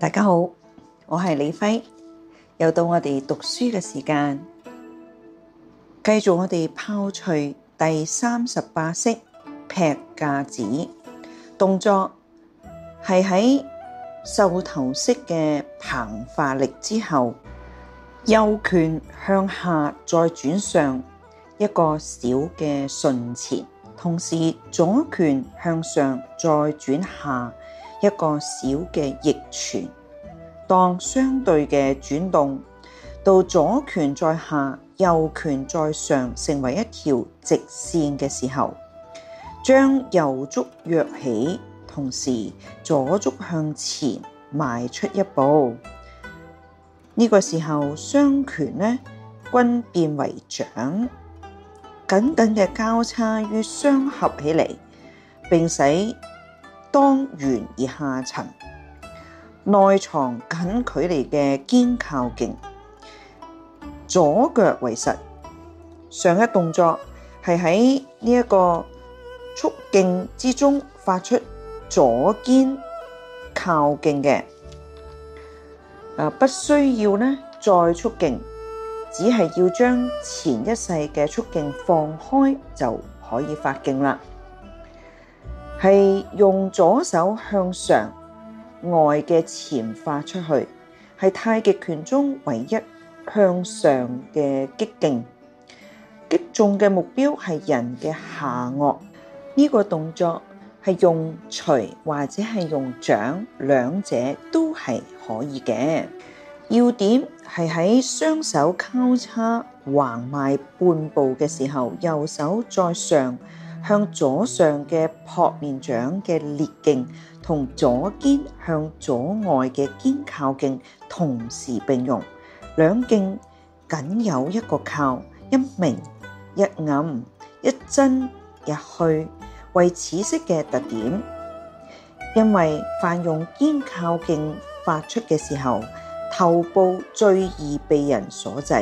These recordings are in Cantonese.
大家好，我係李輝，又到我哋讀書嘅時間。繼續我哋炮捶第三十八式劈架子動作，係喺獸頭式嘅膨化力之後，右拳向下再轉上一個小嘅順前，同時左拳向上再轉下。一個小嘅逆纏，當相對嘅轉動到左拳在下、右拳在上，成為一條直線嘅時候，將右足躍起，同時左足向前邁出一步。呢個時候，雙拳呢均變為掌，緊緊嘅交叉於相合起嚟，並使。當圓而下沉，內藏近距離嘅肩靠勁，左腳為實。上一動作係喺呢一個促勁之中發出左肩靠勁嘅，啊，不需要呢再促勁，只係要將前一世嘅促勁放開就可以發勁啦。係用左手向上外嘅前化出去，係太極拳中唯一向上嘅激勁。擊中嘅目標係人嘅下顎。呢、這個動作係用捶或者係用掌，兩者都係可以嘅。要點係喺雙手交叉橫邁半步嘅時候，右手再上。向左上嘅撲面掌嘅裂勁同左肩向左外嘅肩靠勁同時並用，兩勁僅有一個靠，一明一暗，一真一虛，為此式嘅特點。因為泛用肩靠勁發出嘅時候，頭部最易被人所制。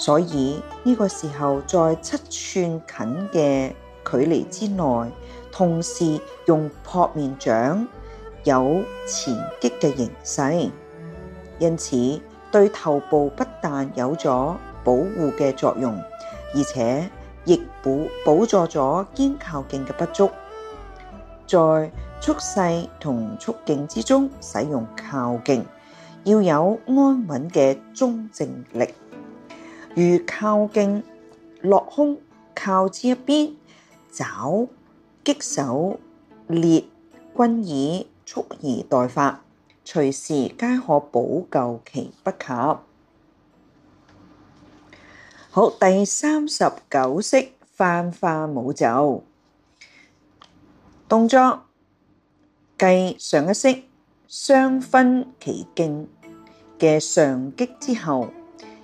所以呢個時候，在七寸近嘅距離之內，同時用撲面掌有前擊嘅形勢，因此對頭部不但有咗保護嘅作用，而且亦補補助咗肩靠勁嘅不足，在速勢同速勁之中使用靠勁，要有安穩嘅中正力。如靠勁落空靠之一邊爪擊手裂，均以蓄而待發，隨時皆可補救其不及。好，第三十九式翻花舞袖動作，繼上一式雙分其勁嘅上擊之後。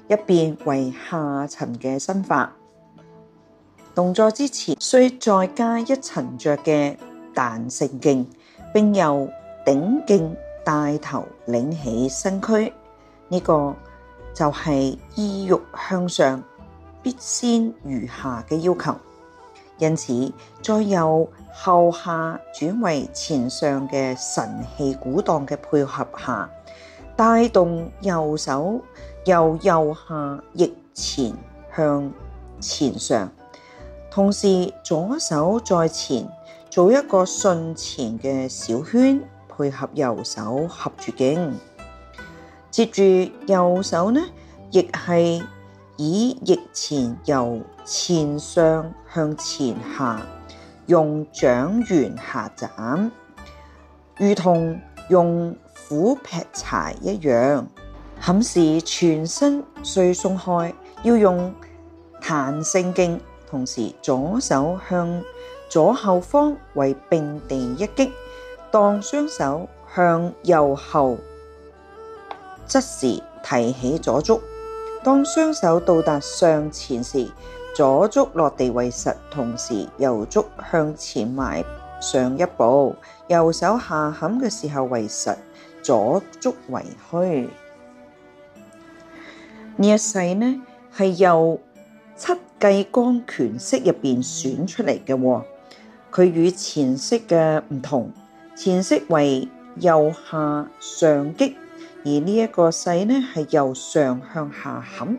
一邊為下層嘅身法動作之前，需再加一層着嘅彈性勁，並由頂勁帶頭擰起身軀。呢、這個就係意欲向上必先如下嘅要求。因此，在由後下轉為前上嘅神氣鼓盪嘅配合下，帶動右手。由右下逆前向前上，同時左手在前做一個順前嘅小圈，配合右手合住頸。接住右手呢，亦係以逆前由前上向前下，用掌緣下斬，如同用斧劈柴一樣。冚時全身須鬆開，要用彈性勁。同時左手向左後方為並地一擊，當雙手向右後側時提起左足。當雙手到達上前時，左足落地為實，同時右足向前邁上一步。右手下冚嘅時候為實，左足為虛。呢一勢呢，係由戚繼光拳式入邊選出嚟嘅喎。佢與前式嘅唔同，前式為右下上擊，而呢一個勢呢，係由上向下冚。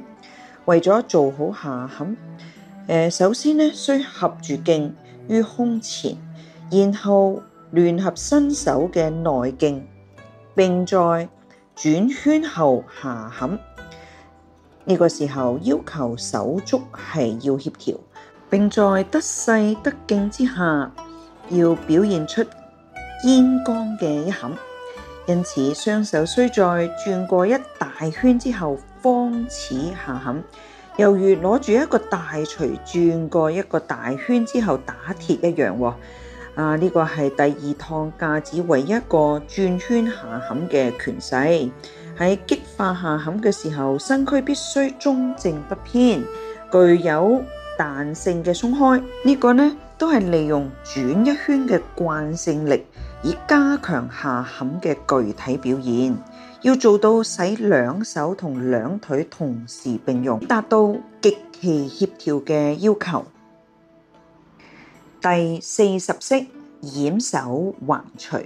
為咗做好下冚，誒、呃、首先呢，需合住勁於胸前，然後聯合身手嘅內勁，並在轉圈後下冚。呢個時候要求手足係要協調，並在得勢得勁之下，要表現出堅剛嘅一砍。因此，雙手需在轉過一大圈之後，方始下砍，猶如攞住一個大錘轉過一個大圈之後打鐵一樣。啊，呢、這個係第二趟架子唯一個轉圈下砍嘅拳勢喺下坎嘅時候，身軀必須中正不偏，具有彈性嘅鬆開，呢個呢都係利用轉一圈嘅慣性力，以加強下坎嘅具體表現。要做到使兩手同兩腿同時並用，達到極其協調嘅要求。第四十式掩手橫捶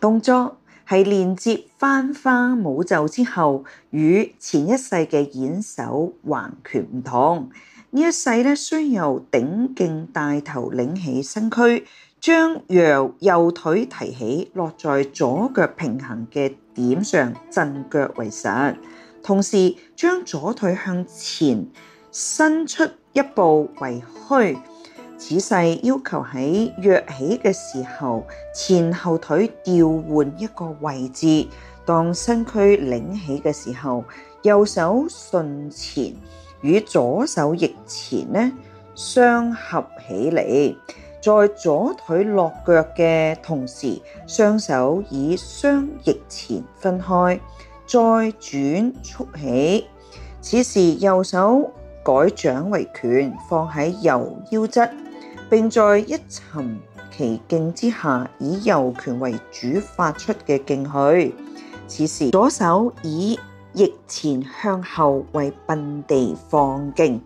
動作。係連接翻花舞袖之後，與前一式嘅演手橫拳唔同。呢一式咧，需要頂勁帶頭，擰起身軀，將右右腿提起，落在左腳平衡嘅點上，振腳為實。同時，將左腿向前伸出一步為虛。此式要求喺躍起嘅時候，前後腿調換一個位置。當身軀擰起嘅時候，右手順前與左手逆前呢，相合起嚟。在左腿落腳嘅同時，雙手以雙逆前分開，再轉屈起。此時右手改掌為拳，放喺右腰側。並在一沉其勁之下，以右拳為主發出嘅勁去。此時左手以逆前向後為笨地放勁，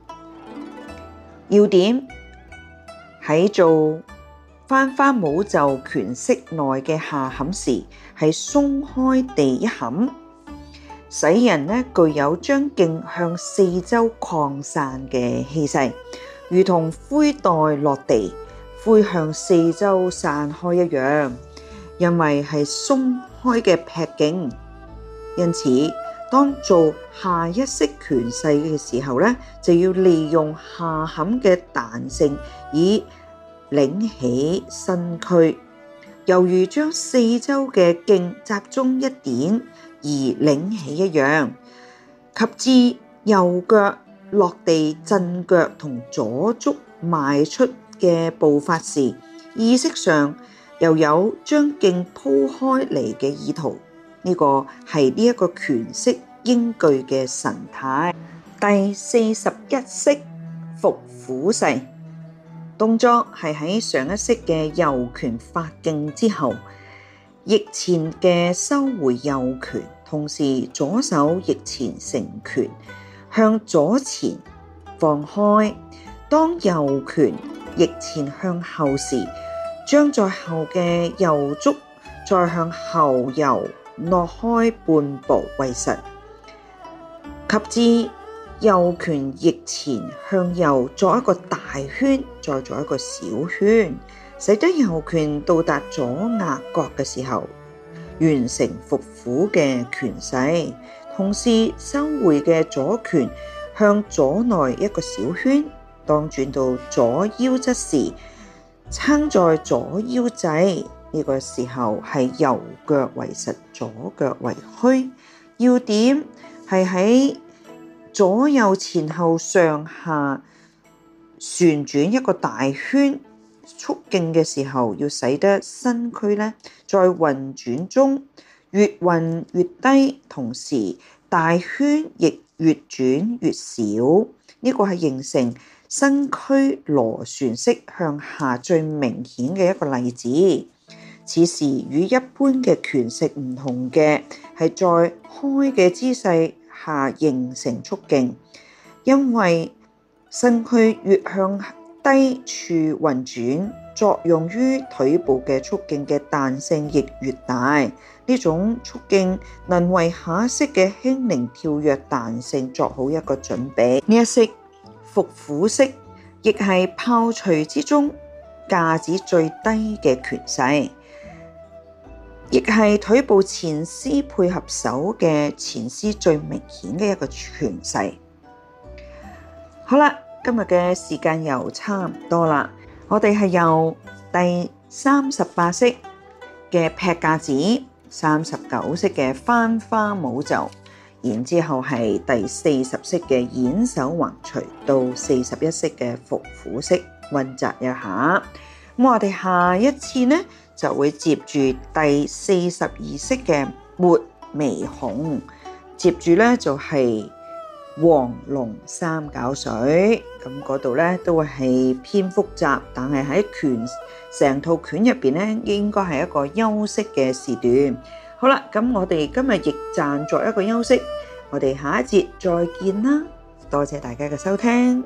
要點喺做翻花舞袖拳式內嘅下冚時，係鬆開地一冚，使人呢具有將勁向四周擴散嘅氣勢。如同灰袋落地，灰向四周散開一樣，因為係鬆開嘅劈勁，因此當做下一式拳勢嘅時候咧，就要利用下坎嘅彈性，以擰起身軀，猶如將四周嘅勁集中一點而擰起一樣，及至右腳。落地震腳同左足邁出嘅步伐時，意識上又有將勁鋪開嚟嘅意圖。呢、這個係呢一個拳式應具嘅神態。第四十一式伏虎勢，動作係喺上一式嘅右拳發勁之後，逆前嘅收回右拳，同時左手逆前成拳。向左前放開，當右拳逆前向後時，將在後嘅右足再向後右挪開半步為實，及至右拳逆前向右作一個大圈，再作一個小圈，使得右拳到達左額角嘅時候，完成伏虎嘅拳勢。同時收回嘅左拳向左內一個小圈，當轉到左腰側時，撐在左腰際。呢、這個時候係右腳為實，左腳為虛。要點係喺左右前後上下旋轉一個大圈，蓄勁嘅時候要使得身軀咧在運轉中。越運越低，同時大圈亦越轉越少，呢、這個係形成身軀螺旋式向下最明顯嘅一個例子。此時與一般嘅拳式唔同嘅係在開嘅姿勢下形成蓄勁，因為身軀越向低處運轉作用於腿部嘅觸勁嘅彈性亦越大，呢種觸勁能為下式嘅輕靈跳躍彈性作好一個準備。呢一式伏虎式亦係炮捶之中架子最低嘅拳勢，亦係腿部前絲配合手嘅前絲最明顯嘅一個拳勢。好啦。今日嘅時間又差唔多啦，我哋係由第三十八式嘅劈架子，三十九式嘅翻花舞袖，然之後係第四十式嘅掩手橫捶，到四十一式嘅伏虎式混雜一下。咁我哋下一次呢，就會接住第四十二式嘅抹眉孔，接住呢就係、是。黃龍三攪水，咁嗰度咧都係偏複雜，但係喺拳，成套拳入邊咧，應該係一個休息嘅時段。好啦，咁我哋今日亦暫作一個休息，我哋下一節再見啦，多謝大家嘅收聽。